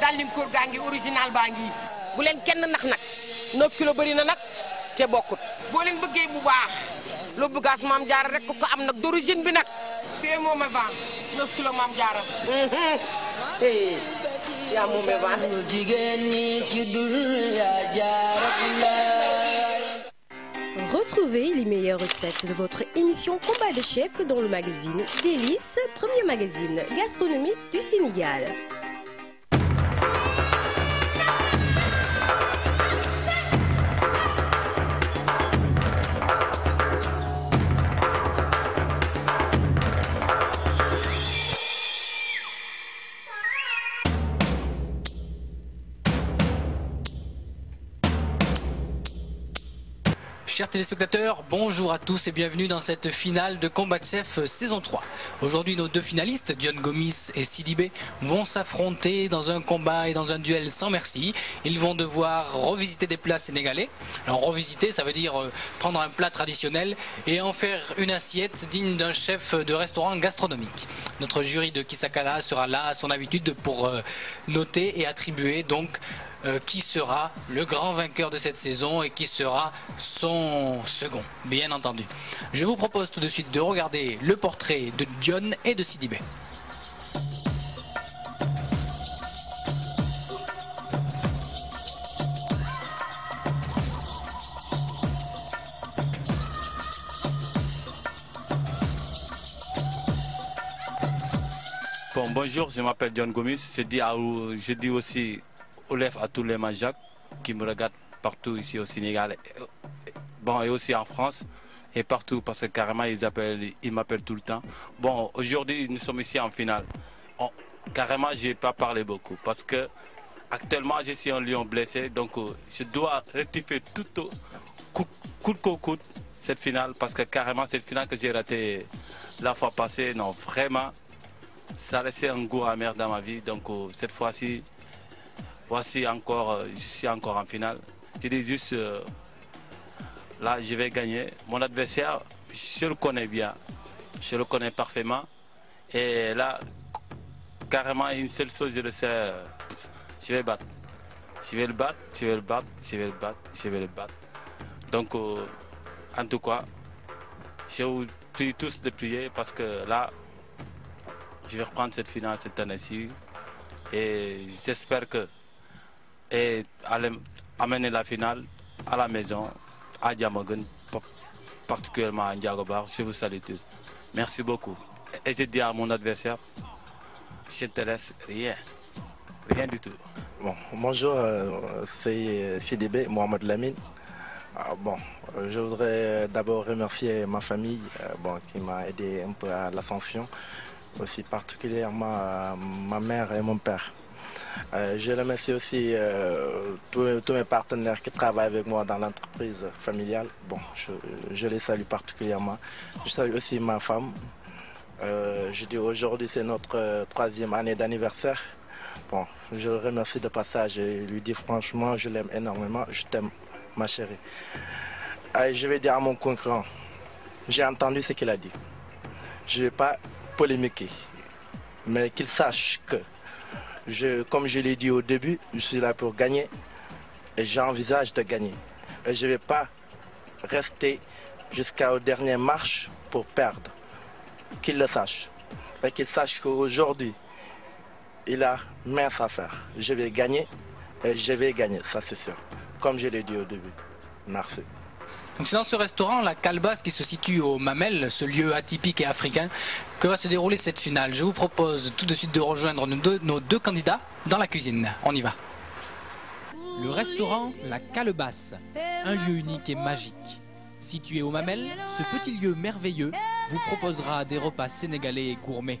Dalinkoor gaa gangi original bangi ngi bu leen kenn nax nak 9 kilo bëri na nag te bokut boo leen bëggee bu baax lu buggaas mam jaara rek ko am nak d'origine bi nag fee moome vent 9 kilo mam kilos maam jaara yaa moome vent jigéen ni ci dul yaa jaara Retrouvez les meilleures recettes de votre émission Combat des chefs dans le magazine Délices, premier magazine gastronomique du Sénégal. Chers téléspectateurs, bonjour à tous et bienvenue dans cette finale de Combat de Chef euh, saison 3. Aujourd'hui, nos deux finalistes, Dion Gomis et Sidibé, vont s'affronter dans un combat et dans un duel sans merci. Ils vont devoir revisiter des plats sénégalais. Alors revisiter, ça veut dire euh, prendre un plat traditionnel et en faire une assiette digne d'un chef de restaurant gastronomique. Notre jury de Kisakala sera là à son habitude pour euh, noter et attribuer donc euh, qui sera le grand vainqueur de cette saison et qui sera son second, bien entendu. Je vous propose tout de suite de regarder le portrait de Dion et de Sidibé. Bon, bonjour, je m'appelle John Gomis. je dis aussi Olef à tous les Majak qui me regardent partout ici au Sénégal, euh, bon, et aussi en France et partout parce que carrément ils appellent, ils m'appellent tout le temps. Bon, aujourd'hui nous sommes ici en finale. carrément carrément, n'ai pas parlé beaucoup parce que actuellement je suis un lion blessé, donc euh, je dois rectifier tout coup, coup, cette finale parce que carrément cette finale que j'ai ratée la fois passée, non vraiment, ça a laissé un goût amer dans ma vie. Donc euh, cette fois-ci, voici encore, euh, je suis encore en finale. Je dis juste, euh, là, je vais gagner. Mon adversaire, je le connais bien. Je le connais parfaitement. Et là, carrément, une seule chose, je le sais, euh, je vais battre. Je vais le battre, je vais le battre, je vais le battre, je vais le battre. Donc, en tout cas, je vous prie tous de prier parce que là, je vais reprendre cette finale cette année-ci. Et j'espère que et amener la finale à la maison, à Djamogun, particulièrement à Ndiagobar. Je vous salue tous. Merci beaucoup. Et je dis à mon adversaire, je t'intéresse rien, rien du tout. bonjour, euh, c'est CDB euh, Mohamed Lamine. Ah, bon, euh, je voudrais d'abord remercier ma famille qui m'a aidé un peu à l'ascension, aussi particulièrement ma mère et mon père. Euh, je remercie aussi euh, tous, mes partenaires qui travaillent avec moi dans l'entreprise familiale. Bon, je, les salue particulièrement. Je salue aussi ma femme. Euh, je dis aujourd'hui c'est notre troisième année d'anniversaire. Bon, je le remercie de passage et lui dis franchement, je l'aime énormément. Je t'aime, ma chérie. je vais dire à mon concurrent, j'ai entendu ce qu'il a dit. Je ne vais pas polémiquer, mais qu'il sache que comme je l'ai dit au début, je suis là pour gagner et j'envisage de gagner. Et je ne vais pas rester jusqu'à la dernière marche pour perdre. Qu'il le sache. Et qu'il sache qu'aujourd'hui, il a mince à faire. Je vais gagner et je vais gagner, ça c'est sûr. Comme je l'ai dit au début. Merci c'est dans ce restaurant, la calebasse, qui se situe au Mamel, ce lieu atypique et africain, que va se dérouler cette finale. Je vous propose tout de suite de rejoindre nos deux, candidats dans la cuisine. On y va. Le restaurant La Calebasse, un lieu unique et magique. Situé au Mamel, ce petit lieu merveilleux vous proposera des repas sénégalais et gourmets.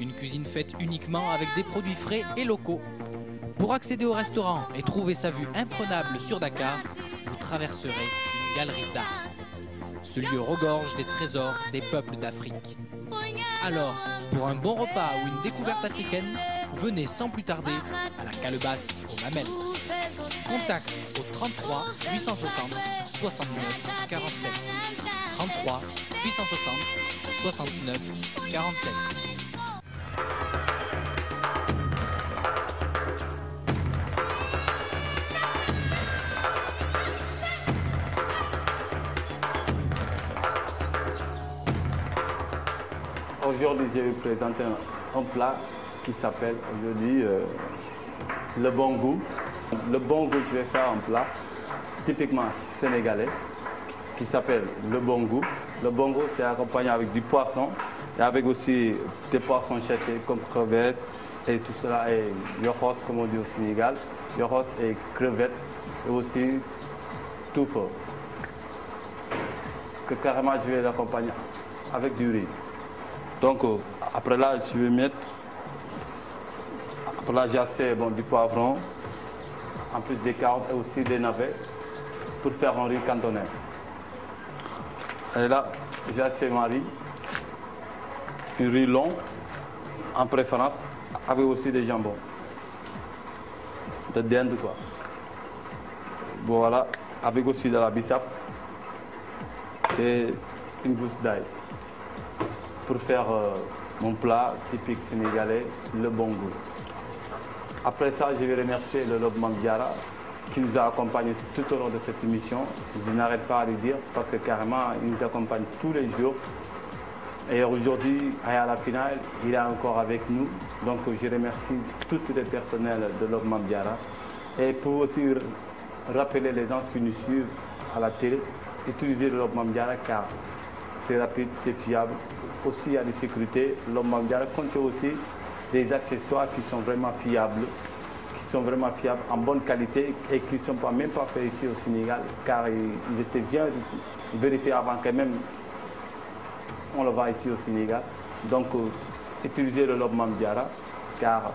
Une cuisine faite uniquement avec des produits frais et locaux. Pour accéder au restaurant et trouver sa vue imprenable sur Dakar, vous traverserez galerie d'art. Ce lieu regorge des trésors des peuples d'Afrique. Alors, pour un bon repas ou une découverte africaine, venez sans plus tarder à la Calebasse au Mamel. Contact au 33 860 69 47. 33 860 69 47. Aujourd'hui, je vais vous présenter un, plat qui s'appelle je dis, euh, le bon goût. Le bon goût, je vais faire un plat typiquement sénégalais qui s'appelle le bon goût. Le bon goût, c'est accompagné avec du poisson et avec aussi des poissons chassés comme crevettes et tout cela est yoros comme on dit au Sénégal. Yoros et crevettes et aussi tout fort. Que carrément, je vais l'accompagner avec du riz. Donc euh, après là, je vais mettre, après là, j'ai bon, du poivron, en plus des carottes et aussi des navets pour faire un riz cantonais. Et là, j'ai assez ma riz, un riz long en préférence, avec aussi des jambons, de dinde quoi. voilà, avec aussi de la bissap c'est une gousse d'ail pour faire euh, mon plat typique sénégalais, le bon goût. Après ça, je vais remercier le Lob Mambiara qui nous a accompagnés tout au long de cette émission. Je n'arrête pas à le dire parce que carrément, il nous accompagne tous les jours. Et aujourd'hui, à la finale, il est encore avec nous. Donc je remercie tout le personnel de Lob Mambiara. Et pour aussi rappeler les gens qui nous suivent à la télé, utilisez le Lob Mambiara car c'est rapide, c'est fiable aussi à la sécurité. L'homme mondial compte aussi des accessoires qui sont vraiment fiables, qui sont vraiment fiables, en bonne qualité et qui ne sont pas, même pas faits ici au Sénégal, car ils étaient bien vérifiés avant que même on le voit ici au Sénégal. Donc, euh, utiliser le lobe Mamdiara, car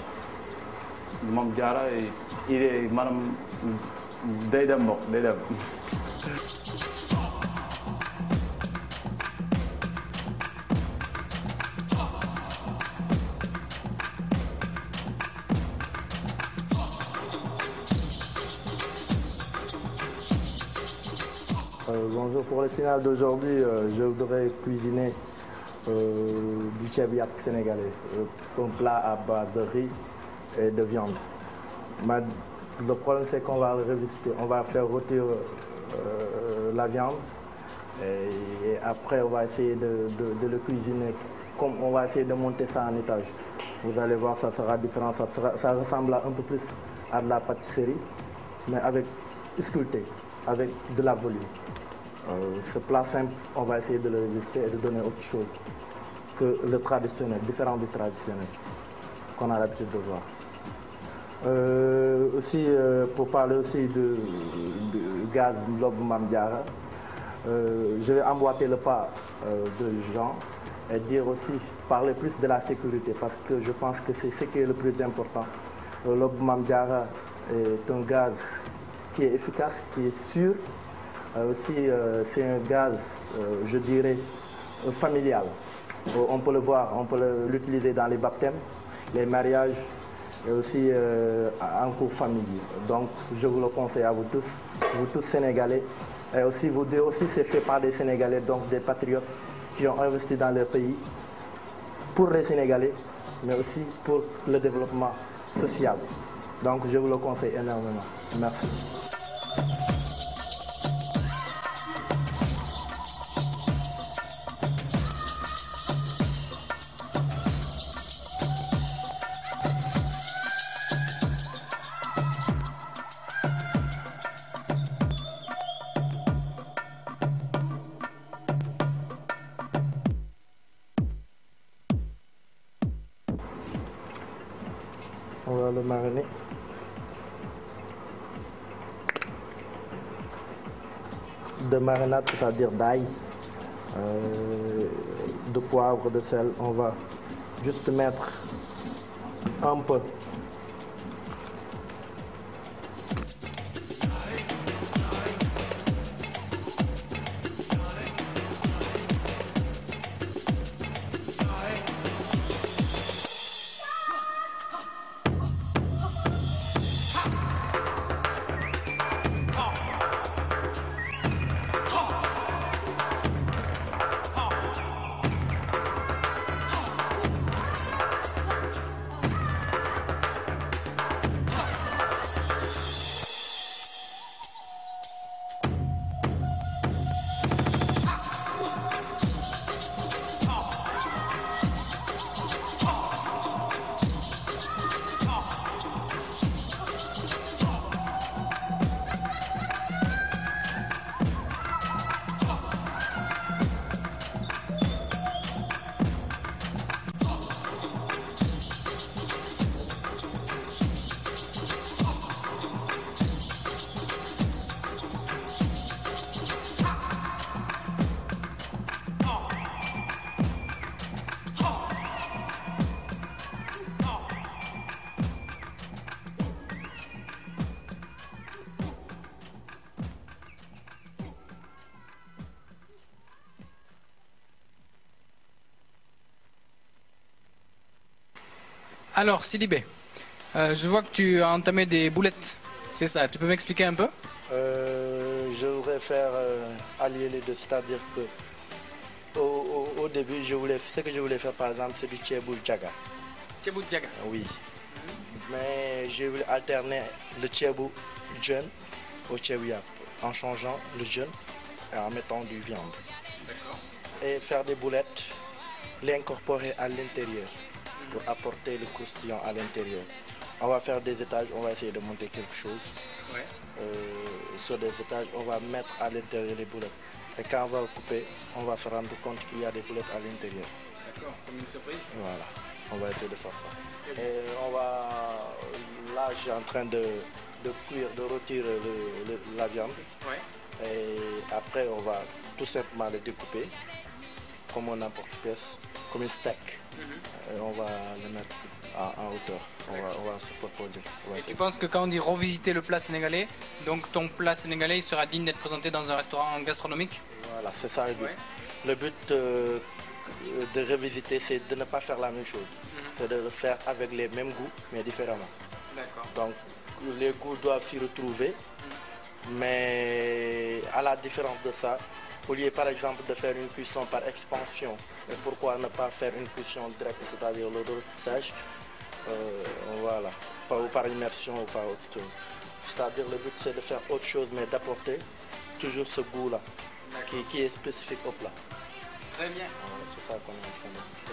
Mamdiara, il est, madame, pour le final d'aujourd'hui, euh, je voudrais cuisiner euh, du chebiat sénégalais, euh, un plat à base de riz et de viande. le problème, c'est qu'on va On va faire rôtir la viande et, après, on va essayer de, le cuisiner comme on va essayer de monter ça en étage. Vous allez voir, ça sera différent. Ça, ressemble un peu plus à de la pâtisserie, mais avec sculpté, avec de la volume. Euh, ce plat simple, on va essayer de le résister et de donner autre chose que le traditionnel, différent du traditionnel qu'on a l'habitude de voir. Euh, aussi, euh, pour parler aussi de, gaz Lob Mamdiara, je vais emboîter le pas de Jean et dire aussi, parler plus de la sécurité parce que je pense que c'est ce qui est le plus important. Lob Mamdiara est un gaz qui est efficace, qui est sûr, aussi, euh, euh, c'est un gaz, euh, je dirais, familial. on peut le voir, on peut l'utiliser dans les baptêmes, les mariages et aussi en cours familier. Donc, je vous le conseille à vous tous, vous tous Sénégalais. Et aussi, vous deux aussi, c'est fait par des Sénégalais, donc des patriotes qui ont investi dans leur pays pour les Sénégalais, mais aussi pour le développement social. Donc, je vous le conseille énormément. Merci. c'est-à-dire d'ail, euh, de poivre, de sel. On va juste mettre un peu Alors, Silibé, euh, je vois que tu as entamé des boulettes, c'est ça Tu peux m'expliquer un peu euh, Je voudrais faire euh, allier les deux, c'est-à-dire que au, début, je voulais, ce que je voulais faire par exemple, c'est du Tchébou djaga. Oui. djaga. Ah oui. Mais je voulais alterner le tchèbou jeune au yap en changeant le jeune et en mettant du viande. Et faire des boulettes, les incorporer à l'intérieur pour apporter le croustillant à l'intérieur. On va faire des étages, on va essayer de monter quelque chose. Euh, sur des étages, on va mettre à l'intérieur les boulettes. Et quand on va couper, on va se rendre compte qu'il y a des boulettes à l'intérieur. D'accord, comme une surprise Voilà, on va essayer de faire ça. on va... Là, j'ai en train de, de cuire, de retirer la viande. Et après, on va tout simplement le découper, comme on n'importe pièce comme un steak. Mhm. Euh, on va le mettre à, hauteur. On va, se proposer. Et tu penses que quand on dit revisiter le plat sénégalais, donc ton plat sénégalais sera digne d'être présenté dans un restaurant gastronomique Voilà, c'est ça le but. Le but euh, euh, de revisiter, c'est de ne pas faire la même chose. Mhm. C'est de le faire avec les mêmes goûts, mais différemment. Donc, les goûts doivent s'y retrouver, mhm. mais à la différence de ça, au lieu par exemple de faire une cuisson par expansion, pourquoi ne pas faire une cuisson directe, c'est-à-dire l'eau sèche, euh, voilà, ou par immersion ou par autre chose. C'est-à-dire le but c'est de faire autre chose mais d'apporter toujours ce goût-là qui, est spécifique au plat. Très bien. ça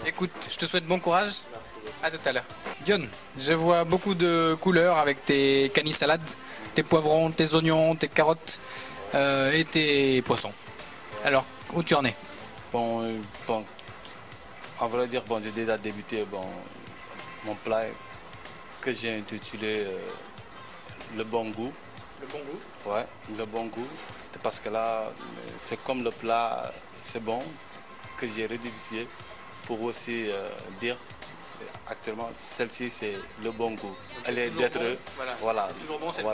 Écoute, je te souhaite bon courage. Merci. À tout à l'heure. John. je vois beaucoup de couleurs avec tes canis salades, tes poivrons, tes oignons, tes carottes euh, et tes poissons. Alors, où tu en es Bon, euh, bon, à vrai dire, bon, j'ai déjà débuté bon, mon plat que j'ai intitulé euh, Le bon goût. Le bon goût Ouais, le bon goût. Parce que là, c'est comme le plat, c'est bon, que j'ai rédivisé pour aussi euh, dire actuellement, celle-ci, c'est le bon goût. Elle est d'être. voilà. C'est toujours bon, c'est bon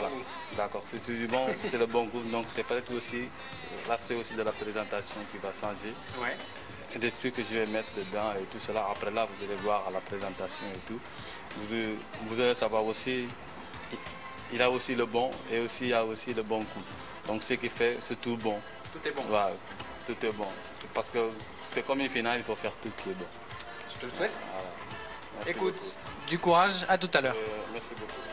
D'accord, c'est toujours bon, c'est le bon goût. Donc, c'est peut-être aussi euh, l'aspect aussi de la présentation qui va changer. des trucs que je vais mettre dedans et tout cela. Après là, vous allez voir à la présentation et tout. Vous, allez savoir aussi, il a aussi le bon et aussi il a aussi le bon coup. Donc ce qui fait, c'est tout bon. Tout est bon. tout est bon. Parce que c'est comme une finale, il faut faire tout qui bon. Je te le souhaite. Écoute, du courage, à tout à l'heure. Euh,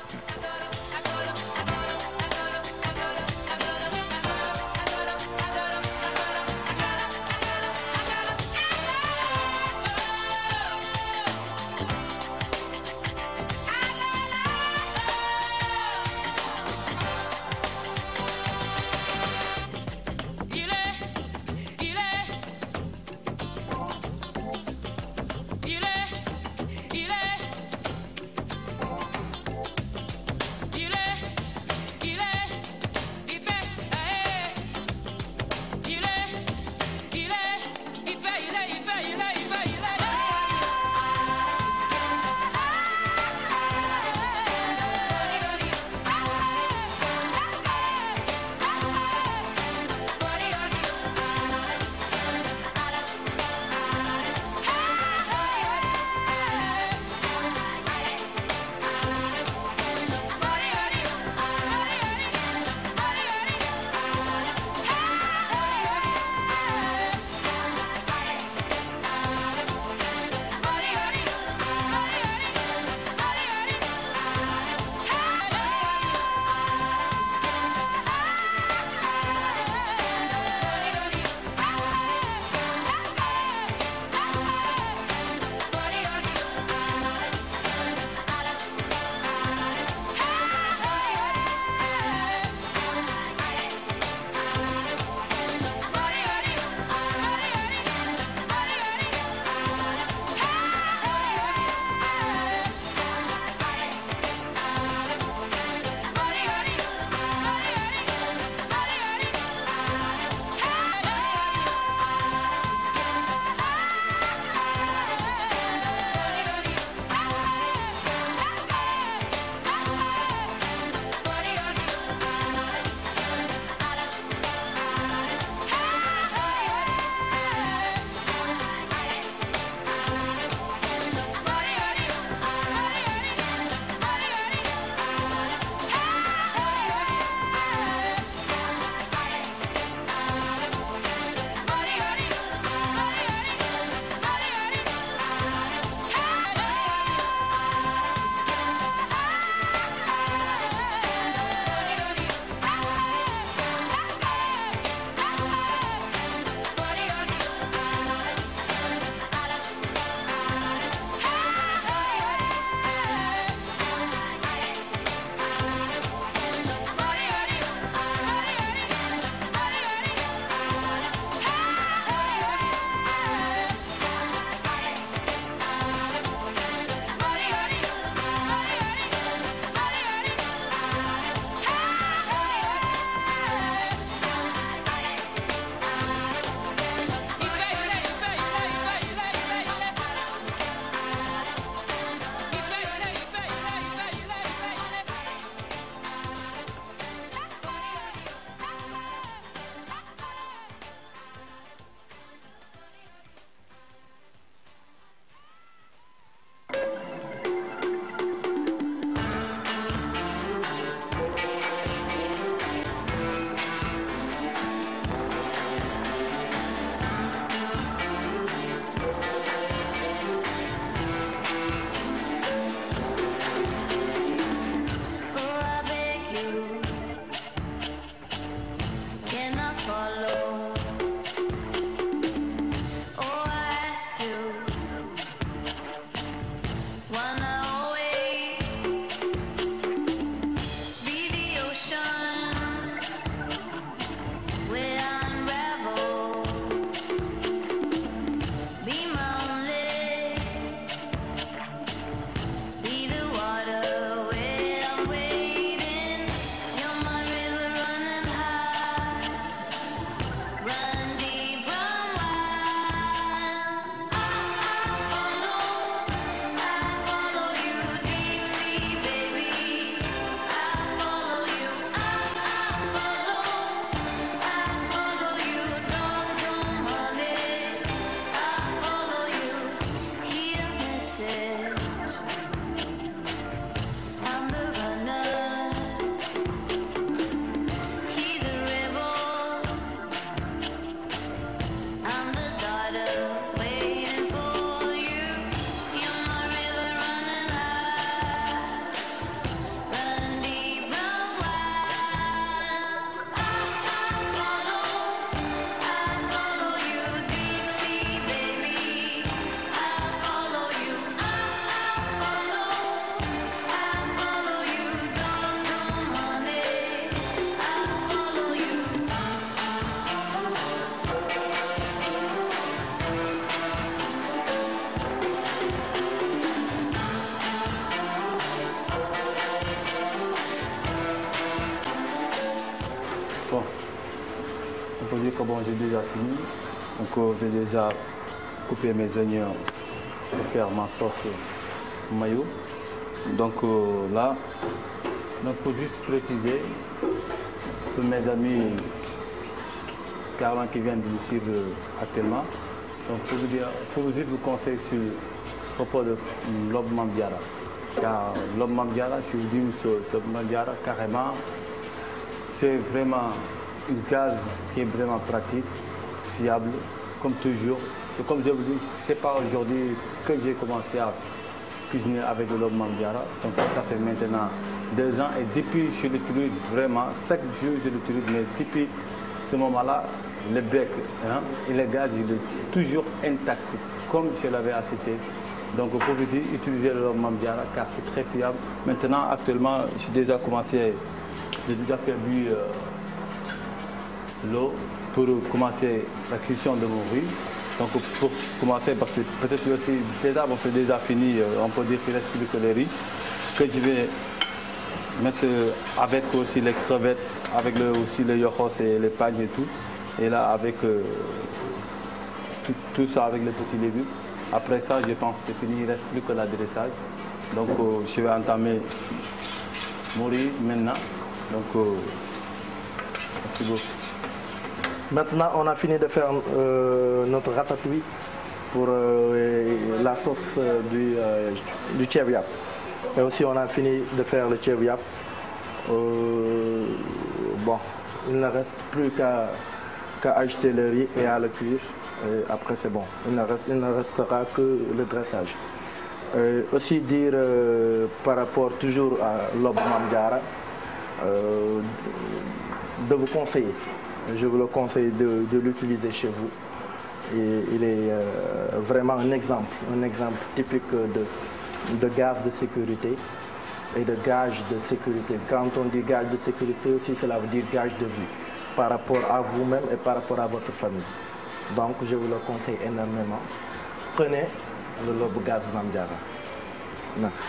déjà coupé mes oignons pour faire ma sauce mayo. Donc euh, là, il faut juste préciser pour mes amis qui viennent de nous euh, suivre actuellement. Donc pour vous, dire, pour vous dire vous conseil sur propos de l'homme mandiara. Car l'homme mandiara, je vous dis une l'homme carrément, c'est vraiment une case qui est vraiment pratique, fiable comme toujours. comme je vous dis, c'est pas aujourd'hui que j'ai commencé à cuisiner avec le Lobe Mandiara. Donc ça fait maintenant deux ans et depuis je l'utilise vraiment, chaque jour je l'utilise, mais depuis ce moment-là, le bec hein, et le gaz, il est toujours intact, comme je l'avais acheté. Donc pour vous dire, utilisez le Mandiara car c'est très fiable. Maintenant, actuellement, j'ai déjà commencé, j'ai déjà fait bu euh, l'eau pour commencer la l'acquisition de mon riz. Donc pour commencer, parce que peut-être aussi les arbres sont déjà fini, euh, on peut dire qu'il reste plus que les riz, que je vais mettre euh, avec aussi les crevettes, avec aussi les yochos et les pagnes et tout. Et là, avec euh, tout, ça, avec les petits légumes. Après ça, je pense que c'est fini, il ne reste plus que l'adressage. Donc je vais entamer mon riz maintenant. Donc, merci Maintenant, on a fini de faire euh, notre ratatouille pour euh, la sauce euh, du, du Et aussi, on a fini de faire le Euh, bon, il ne reste plus qu'à acheter le riz et à le cuire. après, c'est bon. Il ne, restera que le dressage. aussi dire par rapport toujours à l'Ob mangara de vous conseiller je vous le conseille de, l'utiliser chez vous. il est euh, vraiment un exemple, un exemple typique de, gaz de sécurité et de gage de sécurité. Quand on dit gage de sécurité aussi, cela veut dire gage de vie par rapport à vous-même et par rapport à votre famille. Donc je vous le conseille énormément. Prenez le lobe gaz Namdiara. Merci.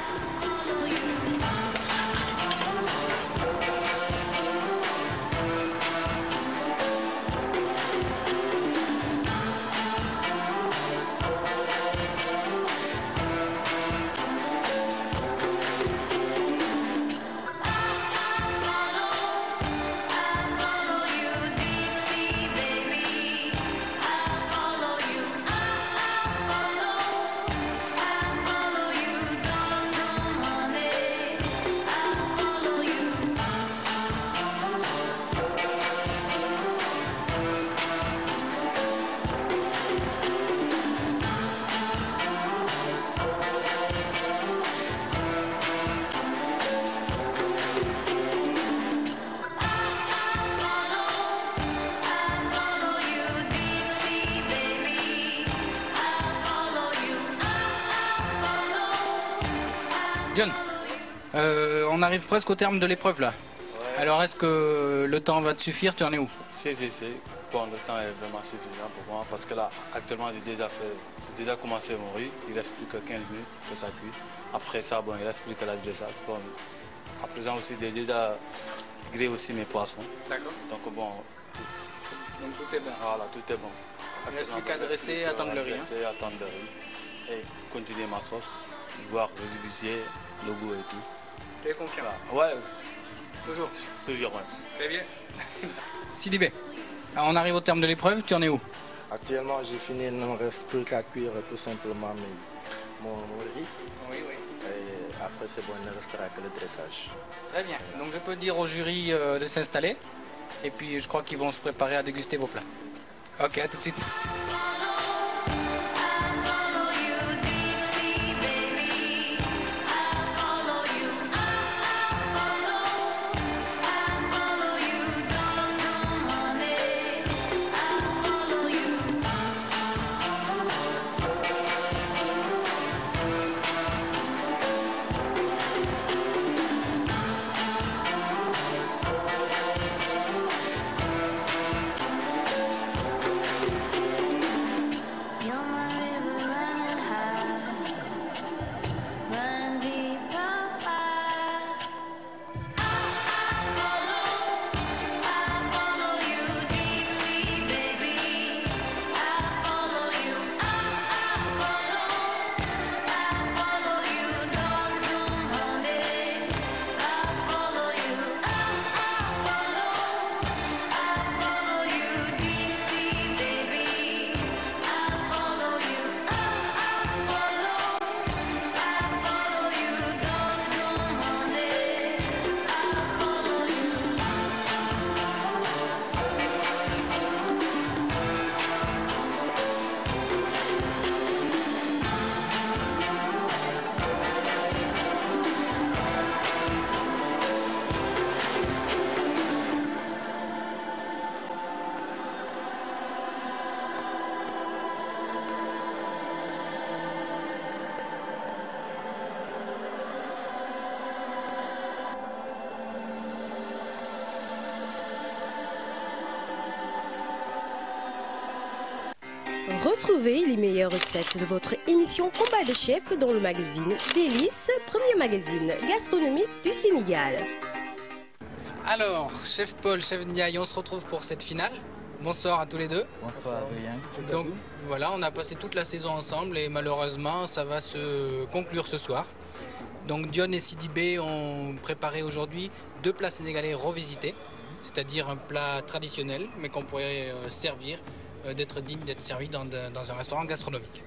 on arrive presque au terme de l'épreuve là. Alors est-ce que le temps va te suffire Tu en es où C'est, si, si. Bon, le temps est vraiment suffisant pour moi parce que là, actuellement, j'ai déjà fait, j'ai déjà commencé mon riz. Il reste plus que 15 minutes que ça cuit. Après ça, bon, il reste plus que la dressage. Bon, à présent aussi, j'ai déjà grillé aussi mes poissons. D'accord. Donc bon. Donc tout est bon. Voilà, tout est bon. Il reste plus qu'à dresser, attendre le riz. Hein. attendre le riz. Et continuer ma sauce, voir le visier, le goût et tout. T'es confiant là ah Ouais. Toujours Toujours, ouais. Très bien. B, on arrive au terme de l'épreuve, tu en es où Actuellement, j'ai fini, il ne me reste plus qu'à cuire tout simplement mon, riz. Oui, oui. Et après, c'est bon, il ne restera que le dressage. Très bien. Donc, je peux dire au jury euh, de s'installer. Et puis, je crois qu'ils vont se préparer à déguster vos plats. Ok, à tout de suite. Retrouvez les meilleures recettes de votre émission Combat de chef dans le magazine Délice, premier magazine gastronomique du Sénégal. Alors, chef Paul, chef Ndiaye, on se retrouve pour cette finale. Bonsoir à tous les deux. Bonsoir Donc voilà, on a passé toute la saison ensemble et malheureusement ça va se conclure ce soir. Donc Dion et Sidibé ont préparé aujourd'hui deux plats sénégalais revisités, c'est-à-dire un plat traditionnel mais qu'on pourrait euh, servir euh, d'être digne d'être servi dans, un restaurant gastronomique.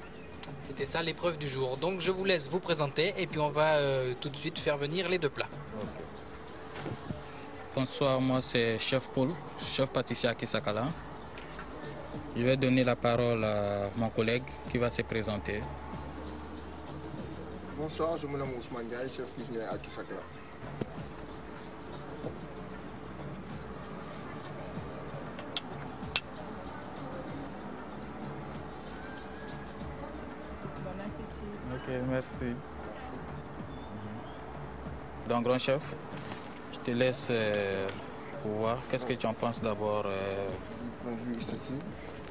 C'était ça l'épreuve du jour. Donc je vous laisse vous présenter et puis on va euh, tout de suite faire venir les deux plats. Bonsoir, moi c'est Chef Paul, chef pâtissier à Kisakala. Je vais donner la parole à mon collègue qui va se présenter. Bonsoir, je m'appelle Ousmane Diaye, chef cuisinier à Kisakala. Ok, merci. Donc, grand chef, je te laisse euh, voir. Qu'est-ce que tu en penses d'abord euh, du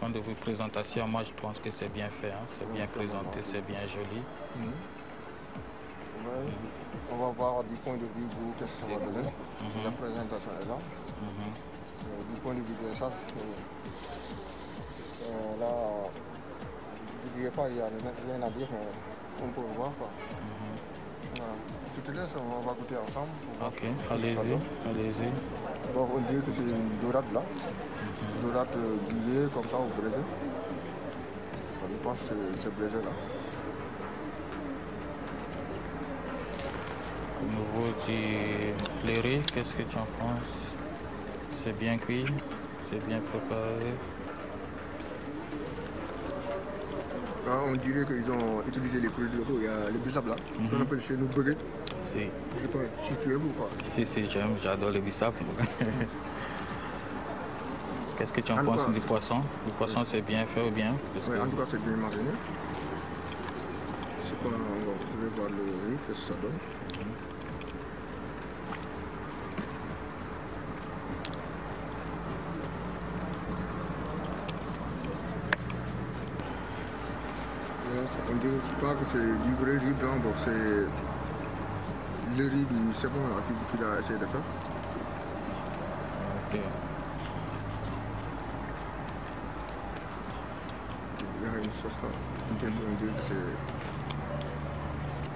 point de vue de présentation, moi je pense que c'est bien fait, hein. c'est bien présenté, c'est bien joli. Mm-hmm. On va voir du point de vue de qu'est-ce que ça va donner. Mm-hmm. La présentation est là. Mm-hmm. Euh, du point de vue de ça, c'est... là, je ne dirais pas, il n'y a rien à dire, mais on peut le voir. Quoi. Mhm. Voilà. Je te on va goûter ensemble. Ok, allez-y, allez-y. Bon, on dirait que c'est une dorade là, une mhm. dorade grillée euh, comme ça au brésil. Je pense que c'est brésil là. Au niveau du qu'est-ce que tu en penses C'est bien cuit C'est bien préparé Hein, on dirait qu'ils ont utilisé les produits locaux. Il y a le bissap là, On qu'on mhm. appelle chez nous bucket. sais pas si tu aimes ou pas. Si, si, j'aime, j'adore le bissap. Qu'est-ce que tu en, penses du poisson Le poisson, c'est bien fait ou bien en tout cas, c'est bien mariné. Je sais pas, on va, je vais voir le riz, qu'est-ce que ça donne. pas que c'est du vrai riz hein, blanc, donc c'est le riz du savon qu'il a essayé de faire. Ok. Il y a une sauce là, on que c'est...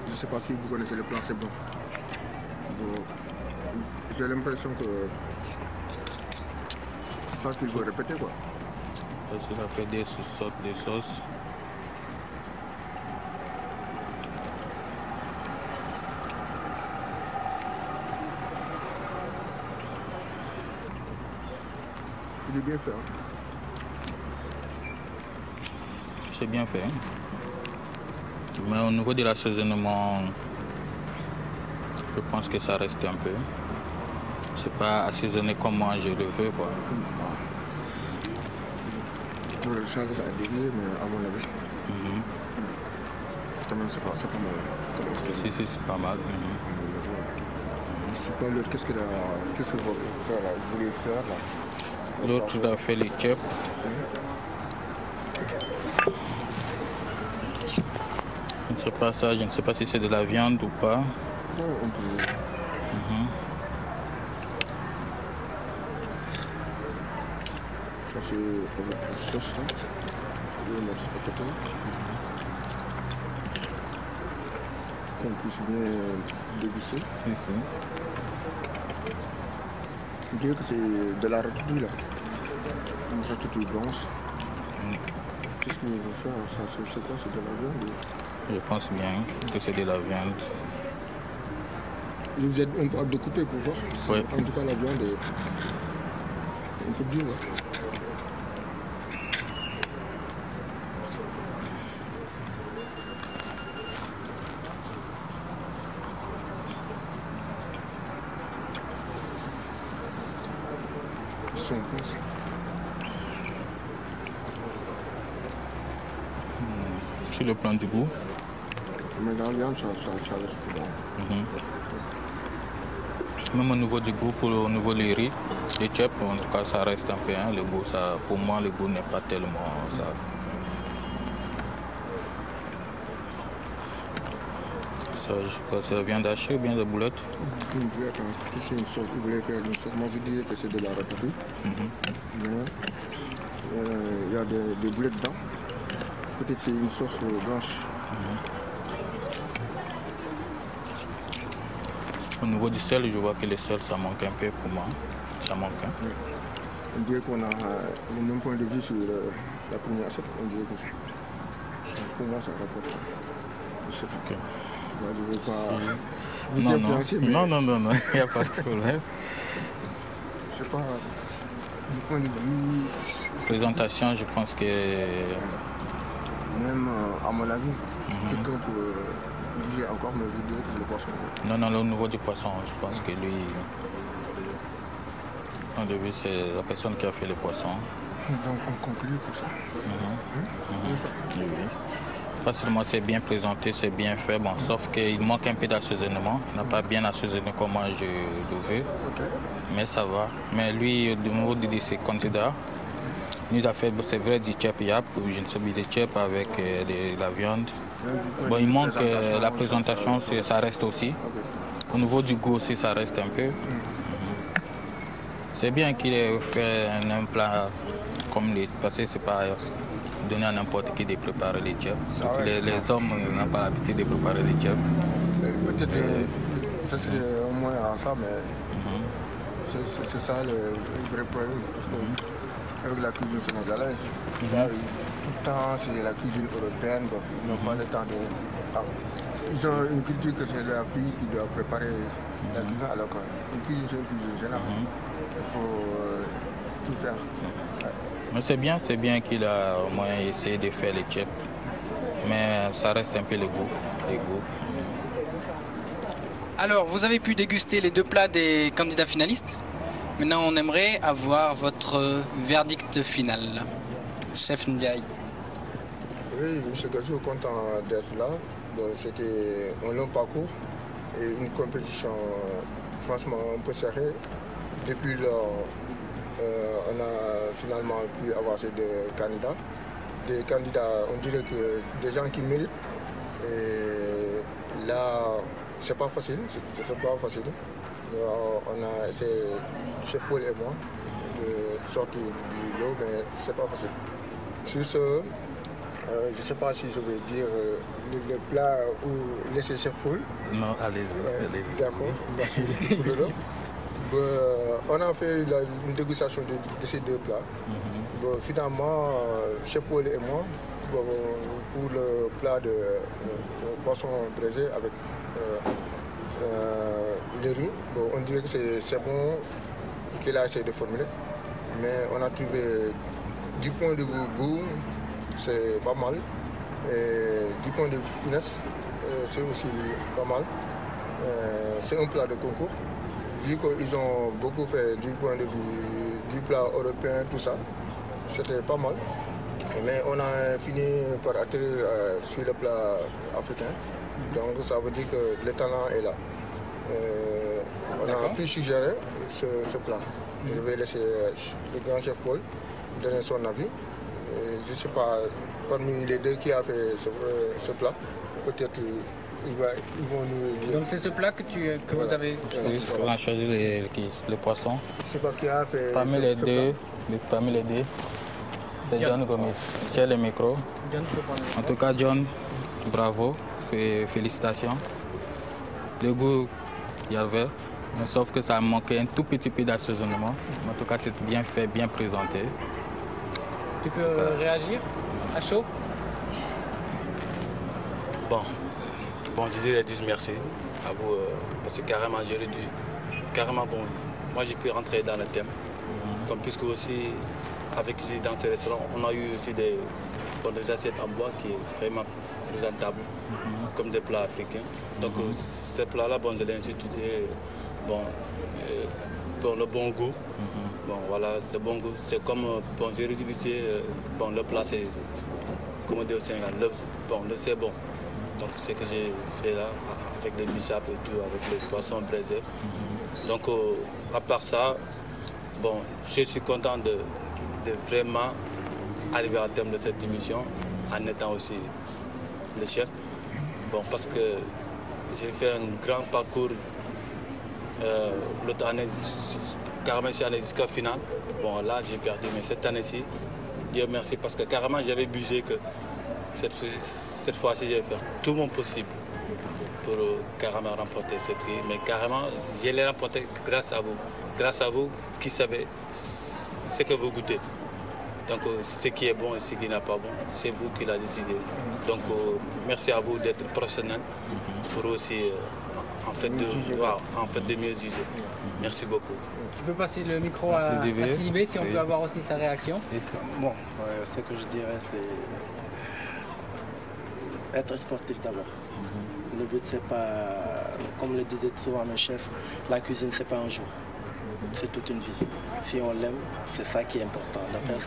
Je ne sais pas si vous connaissez le plan, c'est bon. bon. J'ai l'impression que c'est ça qu'il veut répéter quoi. Parce qu'il a fait des sortes de sauces. bien fait. C'est hein. bien fait. Hein. Mais au niveau de l'assaisonnement, je pense que ça reste un peu. Hein. C'est pas assaisonné comme moi je le veux. Quoi. le ça a mais à mon avis. Mhm. c'est pas, mal. c'est pas mal. Mhm. qu'est-ce que vous voulez faire là l'autre a fait les chips. Je ne sais pas ça, je ne sais pas si c'est de la viande ou pas. Mhm. Mhm. Qu'on puisse bien euh, déguster que c'est de la redouille, là. ça, tout blanche. Qu'est-ce qu'on vont faire C'est quoi C'est de la viande Je pense bien que c'est de la viande. Vous êtes un peu couper pour voir Oui. En tout cas, la viande est un peu dure. Hein. même au niveau du groupe, au niveau des riz, les tchèpes, en tout cas, ça reste un peu. Hein, le goût, ça, pour moi, le goût n'est pas tellement. Ça... Ça, je pense, que ça vient d'acheter ou bien de boulettes Une boulette, c'est une sauce. vous Moi, je dirais que c'est de la ratatouille. Mhm. Euh, il y a des, des boulettes dedans. Peut-être c'est une sauce euh, blanche. Mhm. Au niveau du sel, je vois que le sel, ça manque un peu pour moi. Ça manque. Hein. On dirait qu'on a euh, le même point de vue sur euh, la première On dirait que pour moi, ça rapporte. Je sais pas. Okay. Je veux pas vous non, non. non, non, non, il n'y a pas de problème. je ne sais pas. Euh, du point de vue. Présentation, je pense que. Même à mon avis, mhm. quelqu'un peut. J'ai encore le poisson. Non, non, le nouveau du poisson, je pense que lui. Au début, c'est la personne qui a fait le poisson Donc on conclut pour ça. Mm Oui. Mhm. c'est bien présenté, c'est bien fait, bon, sauf qu'il manque un peu d'assaisonnement. Il n'a pas bien assaisonné comme je le veux. Mais ça va. Mais lui, du niveau de ses candidats, nous a fait, c'est vrai, du chep yap, sais pas, de chep avec euh, de la viande il manque la présentation, ça reste aussi. Au niveau du goût aussi, ça reste un peu. C'est bien qu'il ait fait un plat comme les parce que c'est pas donné à n'importe qui de préparer les diables. Ah les, hommes n'ont pas l'habitude de préparer les diables. Peut-être euh, ça serait au moins ça, mais mhm. c'est ça le vrai problème. Parce avec la cuisine sénégalaise, mm temps, c'est la cuisine européenne, bon, ils n'ont le temps de... Ah. Ils ont une culture que c'est la fille qui doit préparer la mhm. cuisine, alors qu'une cuisine, c'est une cuisine générale. Mhm. Il faut euh, tout faire. Mais c'est bien, c'est bien qu'il a au moins essayé de faire les chips. Mais ça reste un peu le goût. Alors, vous avez pu déguster les deux plats des candidats finalistes. Maintenant, on aimerait avoir votre euh, verdict final. Chef Ndiaye. Oui, je suis content d'être là. C'était un long parcours et une compétition franchement un peu serrée. Depuis lors, euh, on a finalement pu avoir ces deux candidats. Des candidats, on dirait que des gens qui méritent. Et là, c'est pas facile, c'est pas facile. Euh, on a essayé, chez Paul et moi, de sortir du lot, mais c'est pas facile. Sur ce, euh, je ne sais pas si je vais dire euh, le, plat ou laisser se Non, allez-y. D'accord, on a fait une dégustation de, ces deux plats. Mhm. Bah, finalement, euh, chez Paul et moi, bah, pour le plat de, poisson braisé avec les riz, bah, on dirait que c'est bon qu'il a essayé de formuler. Mais on a trouvé, du point de vue goût, c'est pas mal. du point de vue finesse, euh, c'est aussi pas mal. Euh, c'est un plat de concours. Vu qu'ils ont beaucoup fait du point de vue du plat européen, tout ça, c'était pas mal. Mais on a fini par atterrir euh, sur le plat africain. Donc ça veut dire que le talent est là. on a pu suggérer ce, plat. Je vais laisser le grand chef Paul donner son avis. Euh, je ne sais pas, parmi les deux qui a fait ce, euh, plat, peut-être euh, ils vont nous... Donc c'est ce plat que, tu, que vous avez choisi On a choisi le poisson. Je ne sais pas qui a fait parmi, les deux, parmi les deux, c'est John, Gomez. Tiens le micro. en tout cas, John, bravo et félicitations. Le goût, il y le vert, sauf que ça manquait un tout petit peu d'assaisonnement. En tout cas, c'est bien fait, bien présenté. Tu peux euh, réagir à chaud Bon, bon, je dis merci à vous, euh, parce que carrément, j'ai carrément, bon, moi j'ai pu rentrer dans le thème. Comme puisque aussi, avec dans ce restaurant, on a eu aussi des, assiettes en bois qui est vraiment présentable, comme des plats africains. Donc mhm. euh, ces plats-là, bon, je l'ai tout bon, bon, le bon goût. Bon, voilà, le bon goût. C'est comme, euh, bon, j'ai euh, bon, le plat, c'est, comme on dit au Sénégal, le, bon, le c'est bon. Donc, c'est que j'ai fait là, avec des bissap et tout, avec les poissons braisé. Donc, euh, à part ça, bon, je suis content de, de vraiment arriver à terme de cette émission en étant aussi le chef. Bon, parce que j'ai fait un grand parcours euh, l'autre année, carrément, c'est allé finale. Bon, là, j'ai perdu, mais cette année-ci, Dieu merci, parce que carrément, j'avais budget que cette, cette fois-ci, j'ai fait tout mon possible pour euh, carrément remporter cette vie. Mais carrément, je l'ai remporté grâce à vous. Grâce à vous qui savez ce que vous goûtez. Donc euh, ce qui est bon et ce qui n'est pas bon, c'est vous qui l'avez décidé. Donc merci à vous d'être personnel pour aussi en fait de mieux user. Merci beaucoup. Tu peux passer le micro à, à si on peut avoir aussi sa réaction. Bon, ce que je dirais, c'est être sportif d'abord. Mhm. Le but, c'est pas, comme le disait souvent mon chef, la cuisine, c'est pas un jour, c'est toute une vie. Si on l'aime, c'est ça qui est important. La mhm.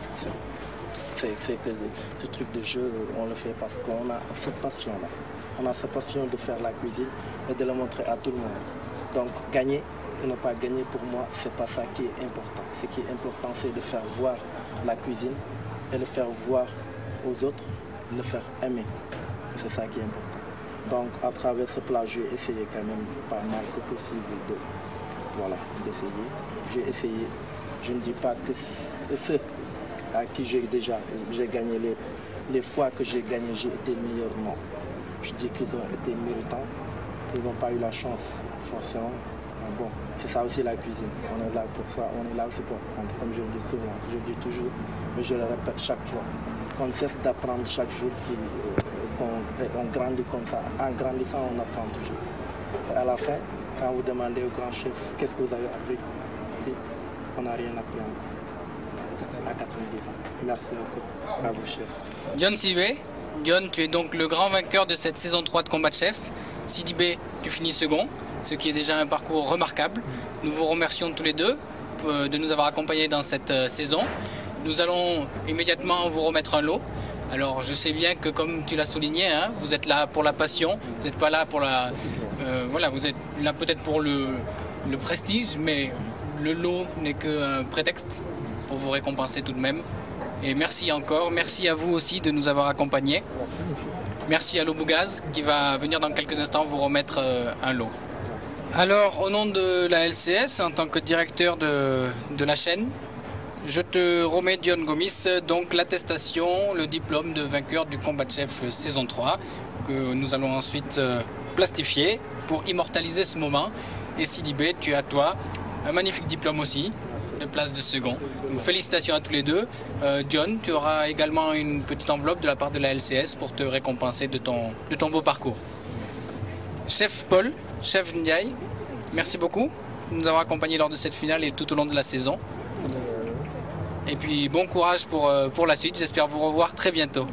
c'est que ce truc de jeu, on le fait parce qu'on a cette passion-là on a cette passion de faire la cuisine et de la montrer à tout le monde. Donc gagner ou ne pas gagner, pour moi, ce n'est pas ça qui est important. Ce qui est important, c'est de faire voir la cuisine et le faire voir aux autres, le faire aimer. C'est ça qui est important. Donc à travers ce plat, j'ai essayé quand même pas mal que possible de voilà, d'essayer. J'ai essayé. Je ne dis pas que ceux à qui j'ai déjà gagné les, les fois que j'ai gagné, j'ai été meilleur, je dis qu'ils ont été méritants. Ils n'ont pas eu la chance, forcément. Mais bon, c'est ça aussi la cuisine. On est là pour ça, on est là aussi pour comme je le dis souvent, je le dis toujours, mais je le répète chaque fois. On cesse d'apprendre chaque jour euh, qu'on grandit comme ça. En grandissant, on apprend toujours. à la fin, quand vous demandez au grand chef qu'est-ce que vous avez appris, on n'a rien appris encore. À 90 ans. Merci beaucoup. À chef. John Sibé Dion, tu es donc le grand vainqueur de cette saison 3 de combat de chef. Sidi B, tu finis second, ce qui est déjà un parcours remarquable. Nous vous remercions tous les deux euh, de nous avoir accompagnés dans cette euh, saison. Nous allons immédiatement vous remettre un lot. Alors je sais bien que comme tu l'as souligné, hein, vous êtes là pour la passion, vous n'êtes pas là pour la... Euh, voilà, vous êtes là peut-être pour le, le prestige, mais le lot n'est qu'un prétexte pour vous récompenser tout de même. Et merci encore. Merci à vous aussi de nous avoir accompagnés. Merci à Lobougaz qui va venir dans quelques instants vous remettre euh, un lot. Alors, au nom de la LCS, en tant que directeur de, de la chaîne, je te remets, Dion Gomis, donc l'attestation, le diplôme de vainqueur du combat de chef saison 3, que nous allons ensuite euh, plastifier pour immortaliser ce moment. Et Sidibé, tu as toi un magnifique diplôme aussi, place de second. félicitations à tous les deux. Euh, Dion, tu auras également une petite enveloppe de la part de la LCS pour te récompenser de ton, de ton beau parcours. Chef Paul, chef Ndiaye, merci beaucoup de nous avoir accompagné lors de cette finale et tout au long de la saison. Et puis bon courage pour, euh, pour la suite, j'espère vous revoir très bientôt.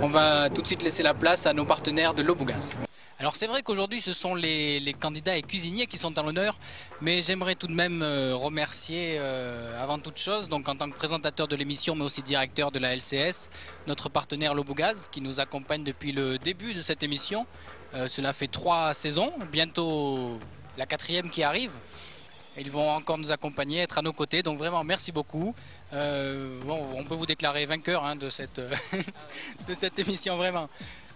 On va tout de suite laisser la place à nos partenaires de l'Obugas. Alors c'est vrai qu'aujourd'hui ce sont les, candidats et cuisiniers qui sont en l'honneur, mais j'aimerais tout de même euh, remercier euh, avant toute chose, donc en tant que présentateur de l'émission mais aussi directeur de la LCS, notre partenaire Lobougaz qui nous accompagne depuis le début de cette émission. Euh, cela fait trois saisons, bientôt la quatrième qui arrive. Ils vont encore nous accompagner, être à nos côtés, donc vraiment merci beaucoup. on peut vous déclarer vainqueur hein, de, cette de cette émission vraiment.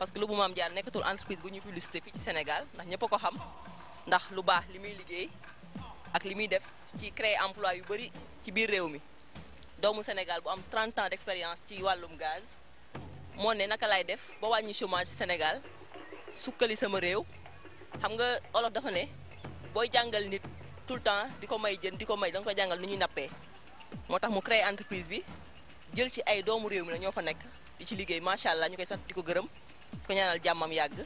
parce que Lobu Mame Diarra nekkatul entreprise bu ñuy publicité fii ci Sénégal ndax ñëpp a ko xam ndax lu baax li muy liggéey ak li muy def ci créer emploi yu bëri ci biir réew mi doomu Sénégal bu am 30 ans d'expérience ci wàllum gaz moo ne naka lay def ba wàññi chômage ci Sénégal sukkali sama réew xam nga olof dafa ne boy jàngal nit tout le temps di ko may jën di ko may danga ko jàngal nu ñuy nappee moo tax mu créer entreprise bi jël ci ay doomu réew mi la ñoo fa nek di ci liggéey machallah allah ñu koy sant di ko ko ñaanal jàmmam yàgg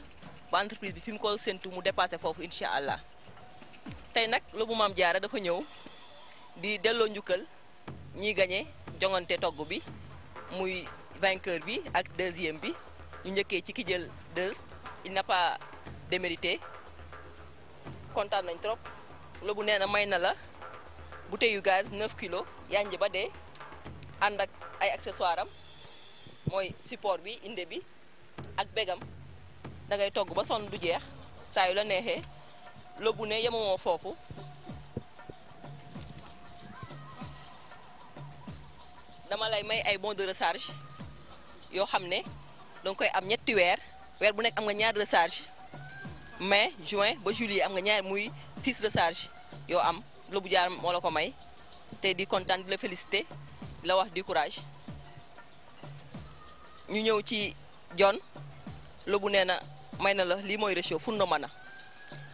ba entreprise bi fi mu ko séntu mu dépassé foofu incha allah tey nag lu bu maam jaara dafa ñëw di delloo njukkal ñi gañe jongante togg bi muy vainqueur bi ak deuxième bi ñu njëkkee ci ki jël deux il n'a démérité kontaan nañ trop lobu nee na may na la bouteille yu gaz 9 kilos yanj ba dee ànd ak ay accessoire am mooy support bi inde bi ak begam da ngay togg ba sonn du jeex saa yu la neexee lobbu ne yemoo foofu dama lay may ay bon de recharge yoo xam ne danga koy am ñetti weer weer bu nekk am nga ñaar recharge mais juin ba juillet am nga ñaari muy six recharge yoo am lobbu jaar moo la ko may te di kontaan di la félicité la wax du courage ñu ñëw ci jon lobu nee na may na la lii mooy réchaud fun na mën a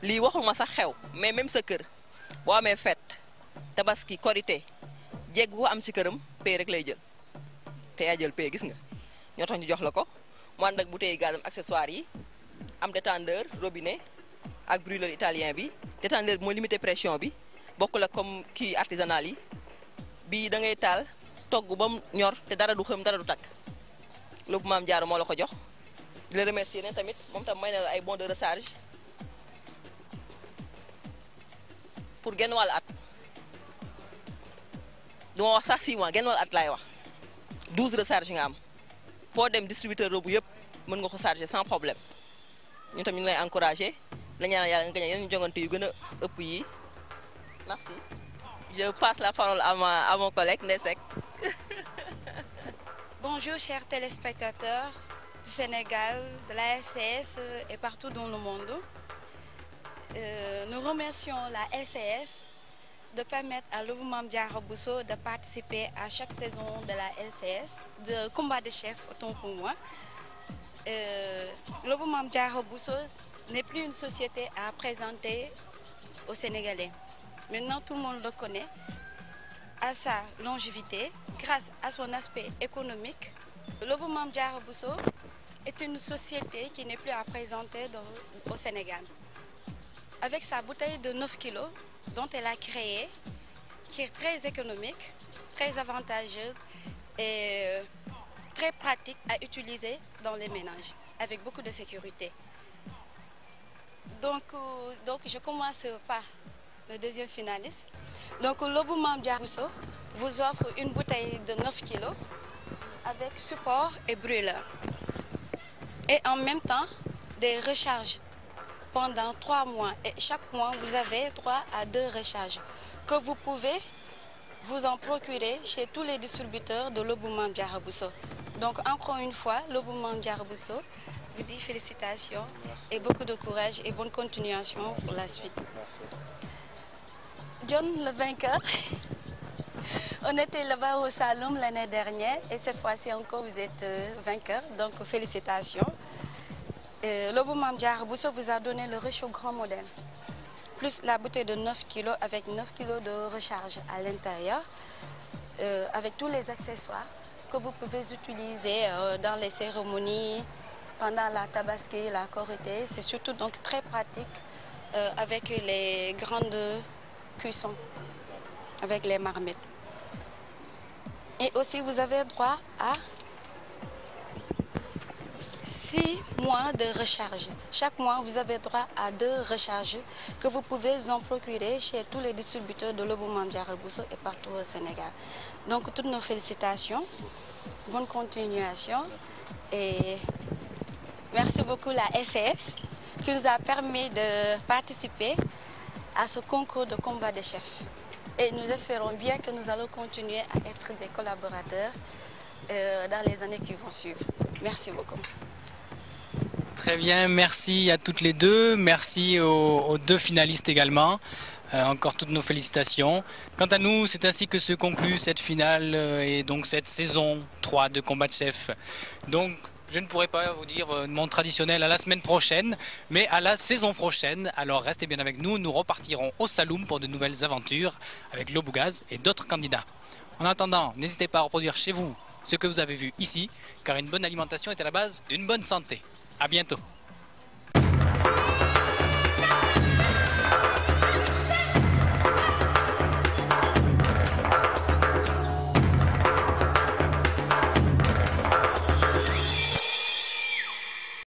lii waxuma sax xew mais même sa kër boo amee fête tabaski korité jeeg ko am si këram pay rek lay jël te yaa jël pay gis nga ñoo tax ñu jox la ko mu ànd ak bouteille gaz am yi am détendeur robinet ak brûleur italien bi détendeur bi moo limité pression bi bokk la comme kii artisanal yi bii da ngay taal togg ba mu ñor te dara du xëm dara du takk lépp maam jaar moo la ko jox di la remercier ne tamit moom tam may na ay bon de recharge pour genn wàll at du ma wax sax 6 mois genn wàll at laay wax 12 recharge nga am foo dem distributeur loobu yëpp mën nga ko charger sans problème ñu tam ñu ngi lay encouragé la ñaanal yàlla nga gañe yeneen jongante yu gën a ëpp yi merci je passe la parole à ma à mon Bonjour chers téléspectateurs du Sénégal, de la SES euh, et partout dans le monde. Euh, nous remercions la SES de permettre à Lobo Diarobousso de participer à chaque saison de la LCS, de combat de chefs autant pour moi. Euh, n'est plus une société à présenter aux Sénégalais. Maintenant tout le monde le connaît à sa longévité grâce à son aspect économique. Lobo Djara Bousso est une société qui n'est plus à présenter au Sénégal. Avec sa bouteille de 9 kg dont elle a créé, qui est très économique, très avantageuse et euh, très pratique à utiliser dans les ménages, avec beaucoup de sécurité. Donc, euh, donc je commence par le deuxième finaliste. Donc l'Obu Mamdia vous offre une bouteille de 9 kg avec support et brûleur. Et en même temps, des recharges pendant 3 mois. Et chaque mois, vous avez droit à deux recharges que vous pouvez vous en procurer chez tous les distributeurs de l'Oboumam Diarabousso. Donc encore une fois, l'oboumam Diarabousso vous dit félicitations et beaucoup de courage et bonne continuation pour la suite. John le vainqueur. On était là-bas au Saloum l'année dernière et cette fois-ci encore vous êtes euh, vainqueur, donc félicitations. Euh, le Lobo Mamdiar vous a donné le réchaud grand modèle, plus la bouteille de 9 kg avec 9 kg de recharge à l'intérieur, euh, avec tous les accessoires que vous pouvez utiliser dans les cérémonies, pendant la tabaski, la corité. C'est surtout donc très pratique avec les grandes cuisson avec les marmites. Et aussi, vous avez droit à six mois de recharge. Chaque mois, vous avez droit à deux recharges que vous pouvez vous en procurer chez tous les distributeurs de l'oboumandia rebousseau et partout au Sénégal. Donc, toutes nos félicitations, bonne continuation et merci beaucoup la SES qui nous a permis de participer à ce concours de combat des chefs. Et nous espérons bien que nous allons continuer à être des collaborateurs euh, dans les années qui vont suivre. Merci beaucoup. Très bien, merci à toutes les deux. Merci aux, deux finalistes également. Euh, encore toutes nos félicitations. Quant à nous, c'est ainsi que se conclut cette finale euh, et donc cette saison 3 de Combat de Chef. Donc, je ne pourrai pas vous dire euh, mon traditionnel à la semaine prochaine, mais à la saison prochaine. Alors restez bien avec nous, nous repartirons au Saloum pour de nouvelles aventures avec Lobougaz et d'autres candidats. En attendant, n'hésitez pas à reproduire chez vous ce que vous avez vu ici, car une bonne alimentation est à la base d'une bonne santé. A bientôt